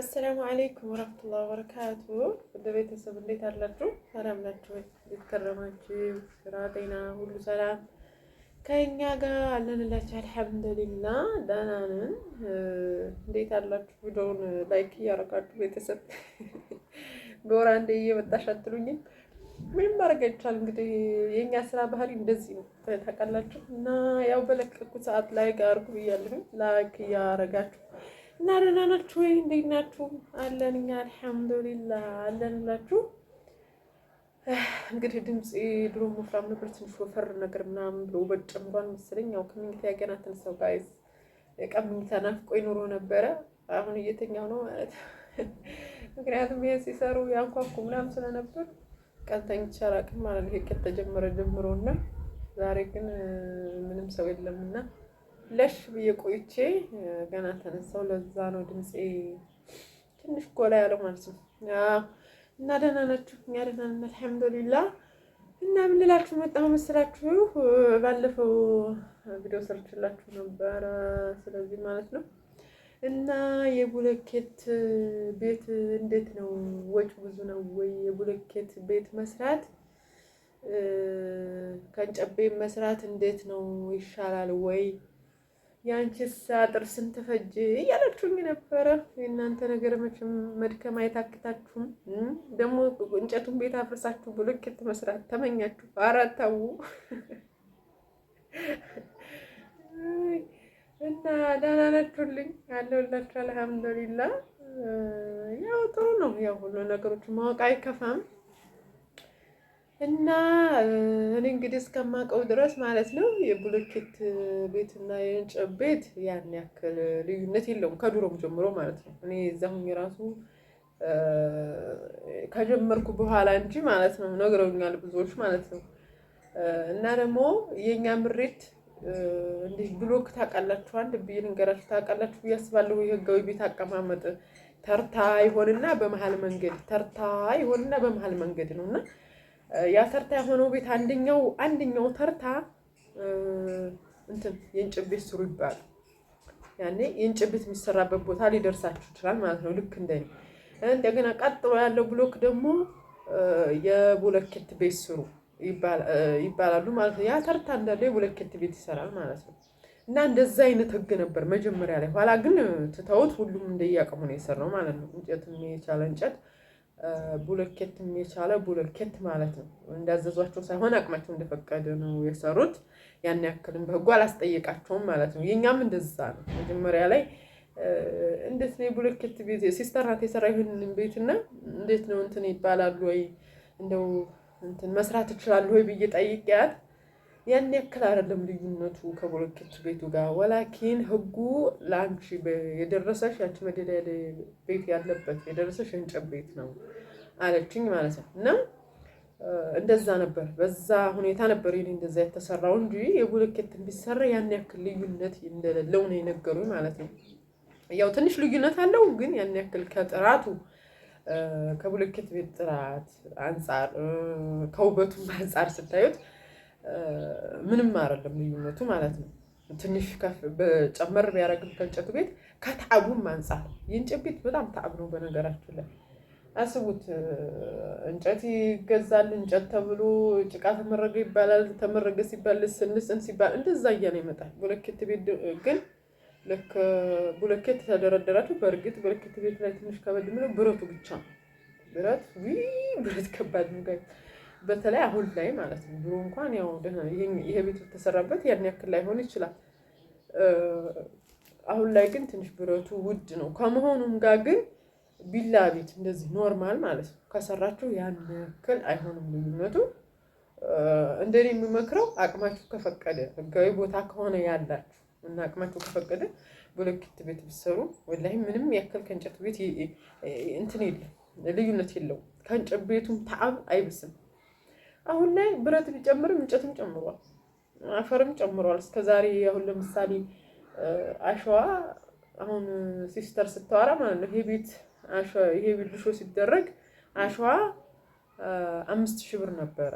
አሰላሙ አሌይኩም ወረህመቱላሂ ወበረካቱ። ወደ ቤተሰብ እንዴት አላችሁ? ሰላም ናችሁ? እንዴት ስራ፣ ጤና ሁሉ ሰላም ከኛ ጋር አለንላችሁ። አልሐምዱሊላ ደህና ነን። እንዴት አላችሁ? ቪዲዮውን ላይክ እያረጋችሁ ቤተሰብ በወር አንዴ እየመጣሽ አትሉኝም? ምንም ማድረግ አይቻልም። እንግዲህ የእኛ ስራ ባህሪ እንደዚህ ነው ታውቃላችሁ። እና ያው በለቀኩት ሰዓት ላይክ አድርጉ ብያለሁኝ። ላይክ እያረጋችሁ እና ደህና ናችሁ ወይ? እንዴት ናችሁ? አለን እኛ አልሐምዱሊላ አለን እላችሁ። እንግዲህ ድምፅ ድሮ ወፍራም ነበር፣ ትንሽ ወፈር ነገር ምናምን ብሎ በጭ እንኳን መሰለኝ። ያው ከምኝታ ገና ተነሳው ጋይዝ፣ ቀምኝታ ናፍቆኝ ኑሮ ነበረ። አሁን እየተኛው ነው ማለት ምክንያቱም ይህን ሲሰሩ ያንኳኩ ምናምን ስለነበር ቀን ተኝቼ ማለት ነው ከተጀመረ ጀምሮና ዛሬ ግን ምንም ሰው የለምና ለሽ ብዬ ቆይቼ ገና ተነሳው። ለዛ ነው ድምፄ ትንሽ ጎላ ያለው ማለት ነው። እና ደህና ናችሁ? እኛ ደህና ነን አልሐምዱሊላ። እና ምን ልላችሁ መጣሁ መስላችሁ? ባለፈው ቪዲዮ ሰርችላችሁ ነበረ፣ ስለዚህ ማለት ነው። እና የቡለኬት ቤት እንዴት ነው? ወጭ ብዙ ነው ወይ? የቡለኬት ቤት መስራት ከእንጨት መስራት እንዴት ነው? ይሻላል ወይ የአንቺስ አጥር ስንት ፈጅ እያላችሁኝ ነበረ። የእናንተ ነገር መቼም መድከም አይታክታችሁም። ደግሞ እንጨቱን ቤት አፍርሳችሁ ብሎኬት መስራት ተመኛችሁ። አራታው እና ደህና ናችሁልኝ? አለሁላችሁ። አልሐምዱሊላ ያው ጥሩ ነው። ያው ሁሉ ነገሮች ማወቅ አይከፋም። እና እኔ እንግዲህ እስከማውቀው ድረስ ማለት ነው የብሎኬት ቤትና የእንጨት ቤት ያን ያክል ልዩነት የለውም ከድሮም ጀምሮ ማለት ነው። እኔ እዛሁኝ የራሱ ከጀመርኩ በኋላ እንጂ ማለት ነው ነግረውኛል ብዙዎች ማለት ነው። እና ደግሞ የእኛ ምሬት እንዲህ ብሎክ ታውቃላችሁ፣ አንድ ብዬ ልንገራችሁ ታውቃላችሁ ብዬ አስባለሁ። የህጋዊ ቤት አቀማመጥ ተርታ ይሆንና በመሀል መንገድ ተርታ ይሆንና በመሀል መንገድ ነው እና ያ ተርታ የሆነው ቤት አንደኛው አንደኛው ተርታ እንትን የእንጨት ቤት ስሩ ይባላል። ያኔ የእንጨት ቤት የሚሰራበት ቦታ ሊደርሳችሁ ይችላል ማለት ነው። ልክ እንደ እንደገና ቀጥሎ ያለው ብሎክ ደግሞ የብሎኬት ቤት ስሩ ይባላሉ ማለት ነው። ያ ተርታ እንዳለው የብሎኬት ቤት ይሰራል ማለት ነው። እና እንደዛ አይነት ህግ ነበር መጀመሪያ ላይ። ኋላ ግን ትተውት ሁሉም እንደያቀሙ ነው የሰራው ማለት ነው። እንጨት የቻለ እንጨት ቡሎኬት የቻለ ቡለኬት ማለት ነው። እንዳዘዟቸው ሳይሆን አቅማቸው እንደፈቀደ ነው የሰሩት። ያን ያክልም በህጉ አላስጠየቃቸውም ማለት ነው። የእኛም እንደዛ ነው። መጀመሪያ ላይ እንዴት ነው የቡለኬት ቤት ሲስተር ናት የሰራ ይህንን ቤትና እንዴት ነው እንትን ይባላሉ ወይ እንደው እንትን መስራት ይችላሉ ወይ ብዬ ጠይቄያት ያን ያክል አይደለም ልዩነቱ ከብሎኬት ቤቱ ጋር ወላኪን ህጉ ለአንቺ የደረሰሽ ያቺ መደዳ ቤት ያለበት የደረሰሽ እንጨት ቤት ነው አለችኝ ማለት ነው። እና እንደዛ ነበር፣ በዛ ሁኔታ ነበር ይህ እንደዛ የተሰራው እንጂ የብሎኬት እንዲሰራ ያን ያክል ልዩነት እንደሌለው ነው የነገሩኝ ማለት ነው። ያው ትንሽ ልዩነት አለው፣ ግን ያን ያክል ከጥራቱ ከብሎኬት ቤት ጥራት አንጻር ከውበቱም አንጻር ስታዩት ምንም አይደለም ልዩነቱ ማለት ነው። ትንሽ ጨመር ቢያደርግም ከእንጨቱ ቤት ከተዓቡም አንጻር የእንጨት ቤት በጣም ተዓብ ነው። በነገራችን ላይ አስቡት፣ እንጨት ይገዛል። እንጨት ተብሎ ጭቃ ተመረገ ይባላል። ተመረገ ሲባል ስንስን ሲባል እንደዛ እያለ ይመጣል። ብሎኬት ቤት ግን ልክ ብሎኬት ተደረደራችሁ። በእርግጥ ብሎኬት ቤት ላይ ትንሽ ከበድ ምለው ብረቱ ብቻ ነው። ብረት ብረት ከባድ ነው። በተለይ አሁን ላይ ማለት ነው። ድሮ እንኳን ያው ይሄ ቤት የተሰራበት ያን ያክል ላይሆን ይችላል። አሁን ላይ ግን ትንሽ ብረቱ ውድ ነው። ከመሆኑም ጋር ግን ቢላ ቤት እንደዚህ ኖርማል ማለት ነው ከሰራችሁ ያን ያክል አይሆንም ልዩነቱ። እንደኔ የሚመክረው አቅማችሁ ከፈቀደ ህጋዊ ቦታ ከሆነ ያላችሁ እና አቅማችሁ ከፈቀደ ብሎኬት ቤት ብትሰሩ ወላሂ ምንም ያክል ከእንጨት ቤት እንትን የለም ልዩነት የለውም። ከእንጨት ቤቱም ተአብ አይብስም። አሁን ላይ ብረት ቢጨምርም እንጨትም ጨምሯል፣ አፈርም ጨምሯል። እስከዛሬ አሁን ለምሳሌ አሸዋ አሁን ሲስተር ስታወራ ማለት ነው ይሄ ቤት ይሄ ልሾ ሲደረግ አሸዋ አምስት ሺህ ብር ነበረ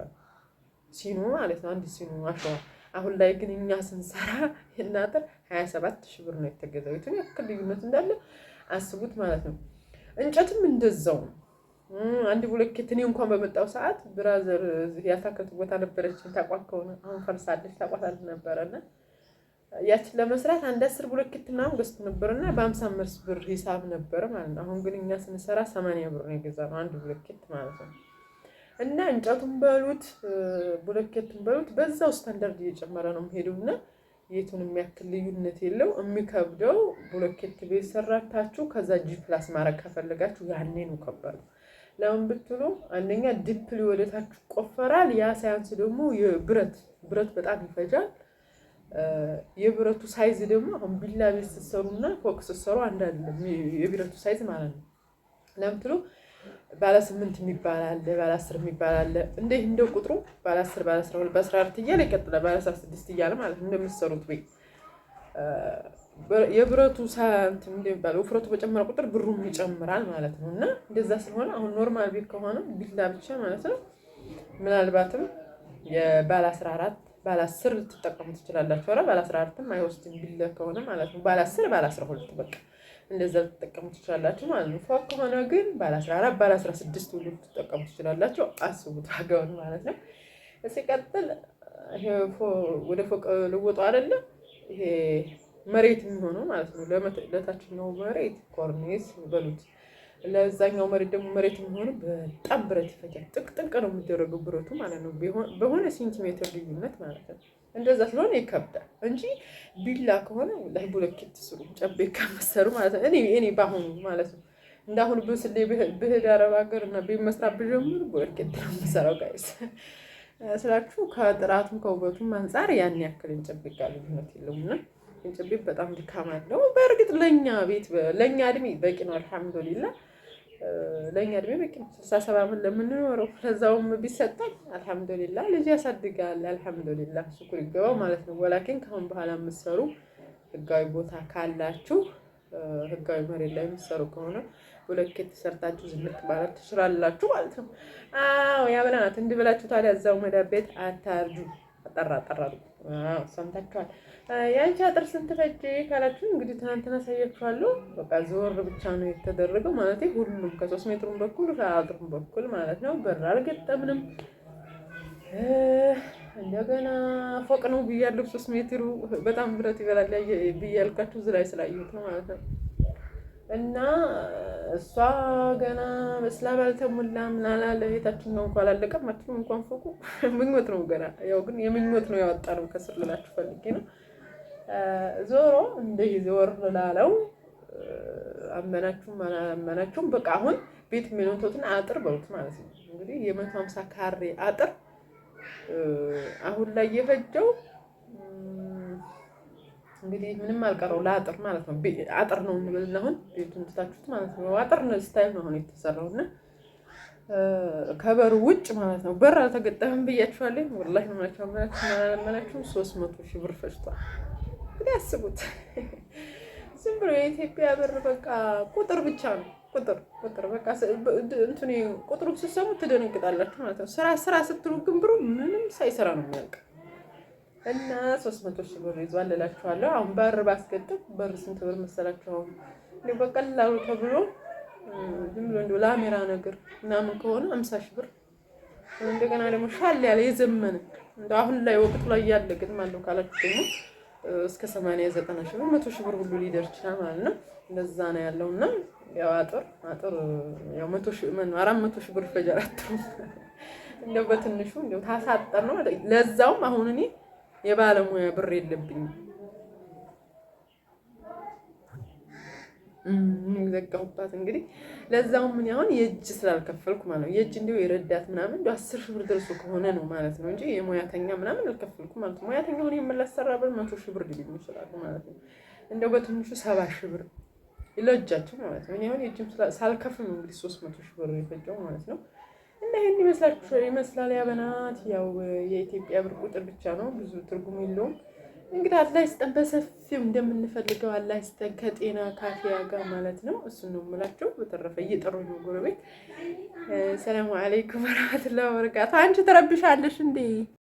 ሲኖ ማለት ነው አንድ ሲኖ አሸዋ። አሁን ላይ ግን እኛ ስንሰራ የናጥር ሀያ ሰባት ሺህ ብር ነው የተገዛው። የቱን ያክል ልዩነት እንዳለ አስቡት ማለት ነው። እንጨትም እንደዛው ነው። አንድ ብሎኬት እኔ እንኳን በመጣው ሰዓት ብራዘር ያታከቱ ቦታ ነበረችን ታቋት ከሆነ አሁን ፈርሳለች ታቋታል ነበረና ያችን ለመስራት አንድ አስር ብሎኬት ምናምን ገዝቶ ነበርና በአምሳ አምስት ብር ሂሳብ ነበር ማለት ነው። አሁን ግን እኛ ስንሰራ ሰማንያ ብር ነው የገዛነው አንድ ብሎኬት ማለት ነው። እና እንጨቱን በሉት ብሎኬቱን በሉት በዛው ስታንዳርድ እየጨመረ ነው የሚሄደውና የቱን የሚያክል ልዩነት የለው። የሚከብደው ብሎኬት ቤት ሰራታችሁ ከዛ ጂ ፕላስ ማድረግ ከፈለጋችሁ ያኔ ነው ለምን ብትሉ አንደኛ ዲፕሊ ወደታች ይቆፈራል። ያ ሳያንስ ደግሞ የብረት ብረት በጣም ይፈጃል። የብረቱ ሳይዝ ደግሞ አሁን ቢላ ቤት ስትሰሩና ፎቅ ስትሰሩ አንድ አይደለም፣ የብረቱ ሳይዝ ማለት ነው። ለምትሉ ባለ ስምንት የሚባል አለ፣ ባለ አስር የሚባል አለ። እንደ እንደ ቁጥሩ ባለ አስር ባለ አስራ ሁለት ባለ አራት እያለ ይቀጥላል፣ ባለ አስራ ስድስት እያለ ማለት ነው እንደምትሰሩት ቤት የብረቱ ሳንት እንደሚባለው ውፍረቱ በጨመረ ቁጥር ብሩም ይጨምራል ማለት ነው። እና እንደዛ ስለሆነ አሁን ኖርማል ቤት ከሆነ ቢላ ብቻ ማለት ነው ምናልባትም የባለ አስራ አራት ባለ አስር ልትጠቀሙ ትችላላችሁ። ኧረ ባለ አስራ አራትም አይወስድም ቢላ ከሆነ ማለት ነው። ባለ አስር ባለ አስራ ሁለት በቃ እንደዛ ልትጠቀሙ ትችላላችሁ ማለት ነው። ፏ ከሆነ ግን ባለ 14 አራት ባለ አስራ ስድስት ሁሉ ልትጠቀሙ ትችላላችሁ። አስቡት ዋጋውን ማለት ነው። ሲቀጥል ወደ ፎቅ ልወጡ አይደለም ይሄ መሬት የሚሆነው ማለት ነው። ለታችኛው መሬት ኮርኔስ በሉት፣ ለዛኛው መሬት ደግሞ መሬት የሚሆኑ በጣም ብረት ይፈጃል። ጥቅጥቅ ነው የሚደረገው ብረቱ ማለት ነው፣ በሆነ ሴንቲሜትር ልዩነት ማለት ነው። እንደዛ ስለሆነ ይከብዳል እንጂ ቢላ ከሆነ ላይ ብሎኬት ስሩ ጨቤ ከመሰሩ ማለት ነው። እኔ እኔ በአሁኑ ማለት ነው እንዳሁን ብስሌ ብህድ አረብ ሀገር እና ቤት መስራት ብጀምር ብሎኬት ነው የምሰራው ጋይስ ስላችሁ ከጥራቱም ከውበቱም አንጻር ያን ያክል እንጨብቃ ልዩነት የለውም እና ጭብጥ በጣም ድካም አለው። በእርግጥ ለእኛ ቤት ለእኛ እድሜ በቂ ነው። አልሐምዱሊላ ለእኛ እድሜ በቂ ነው። ስልሳ ሰባ ምን ለምንኖረው ለዛውም ቢሰጠን አልሐምዱሊላ ልጅ ያሳድጋል። አልሐምዱሊላ ሽኩር ይገባው ማለት ነው። ወላኪን ከአሁን በኋላ የምትሰሩ ህጋዊ ቦታ ካላችሁ ህጋዊ መሬት ላይ የምትሰሩ ከሆነ ብሎኬት ተሰርታችሁ ዝንቅ ማለት ትችላላችሁ ማለት ነው። አዎ ያ ብለናት እንዲህ ብላችሁ ታዲያ እዛው መዳቤት ቤት አታርጁ። ጠራ ጠራ ሰምታችኋል። የአንቺ አጥር ስንት ፈጀ ካላችሁ እንግዲህ ትናንትና ሳያችኋለሁ። በቃ ዞር ብቻ ነው የተደረገው ማለት ሁሉም ከሶስት ሜትሩን በኩል ከአጥሩም በኩል ማለት ነው። በር አልገጠምንም። እንደገና ፎቅ ነው ብያለሁ። ሶስት ሜትሩ በጣም ብረት ይበላል ብያልካችሁ እዚህ ላይ ስላየሁት ነው ማለት ነው። እና እሷ ገና መስላ ባልተሞላ ምናላ ለቤታችን ነው እንኳ አላለቀም አትሉም። እንኳን ፎቁ ምኞት ነው ገና ያው ግን የምኞት ነው ያወጣ ነው ከስር ልላችሁ ፈልጌ ነው። ዞሮ እንደዚህ ዞር ላለው አመናችሁም አላመናችሁም በቃ አሁን ቤት የሚኖቶትን አጥር በሉት ማለት ነው እንግዲህ የመቶ ሀምሳ ካሬ አጥር አሁን ላይ የፈጀው እንግዲህ ምንም አልቀረው ለአጥር ማለት ነው። አጥር ነው እንበልና አሁን ቤቱን ትታችሁት ማለት ነው። አጥር ነው ስታይል ነው አሁን የተሰራው እና ከበሩ ውጭ ማለት ነው። በር አልተገጠመም ብያችኋለሁ። ወላሂ ነው ናቸው መናችሁ ሶስት መቶ ሺህ ብር ፈጅቷል። እንግዲህ አስቡት። ዝም ብሎ የኢትዮጵያ ብር በቃ ቁጥር ብቻ ነው ቁጥር ቁጥር በቃ እንትኔ ቁጥሩ ስትሰሙ ትደነግጣላችሁ ማለት ነው። ስራ ስራ ስትሉ ግን ብሩ ምንም ሳይሰራ ነው የሚያልቅ እና ሶስት መቶ ሺህ ብር ይዟል እላችኋለሁ። አሁን በር ባስገጥም በር ስንት ብር መሰላችሁ? አሁን በቀላሉ ተብሎ ዝም ብሎ እንዲሁ ለአሜራ ነገር ምናምን ከሆነ አምሳ ሺህ ብር እንደገና ደግሞ ሻል ያለ የዘመነ እንደ አሁን ላይ ወቅቱ ላይ ያለ ግን ማለው ካላችሁ ደግሞ እስከ ሰማንያ ዘጠና ሺህ ብር መቶ ሺህ ብር ሁሉ ሊደር ይችላል ማለት ነው። እንደዛ ነው ያለው እና ያው አጥር አጥር ያው መቶ ሺህ ምን አራት መቶ ሺህ ብር ፈጀራት እንደው በትንሹ እንደው ታሳጠር ነው ለዛውም አሁን እኔ የባለሙያ ብር የለብኝ። ዘጋሁባት እንግዲህ ለዛው ምን ያሁን የእጅ ስላልከፈልኩ ማለት ነው። የእጅ እንዲሁ የረዳት ምናምን እንዲ አስር ሺህ ብር ደርሶ ከሆነ ነው ማለት ነው እንጂ የሙያተኛ ምናምን አልከፈልኩ ማለት ነው። ሙያተኛ ሆነ ብር መቶ ሺህ ብር ሊሉ ይችላሉ ማለት ነው። እንደው በትንሹ ሰባ ሺህ ብር ለእጃቸው ማለት ነው። እኔ አሁን የእጅም ሳልከፍል ነው እንግዲህ ሶስት መቶ ሺህ ብር የፈጀው ማለት ነው። ይህን ይመስላል። ያበናት ያው የኢትዮጵያ ብር ቁጥር ብቻ ነው፣ ብዙ ትርጉም የለውም። እንግዲህ አላህ ይስጠን፣ በሰፊው እንደምንፈልገው አላህ ይስጠን፣ ከጤና ካፊያ ጋር ማለት ነው። እሱን ነው የምላቸው። በተረፈ ነው ጎረቤት። ሰላሙ አለይኩም ወረህመቱላሂ ወበረካቱ። አንቺ ትረብሻለሽ እንዴ?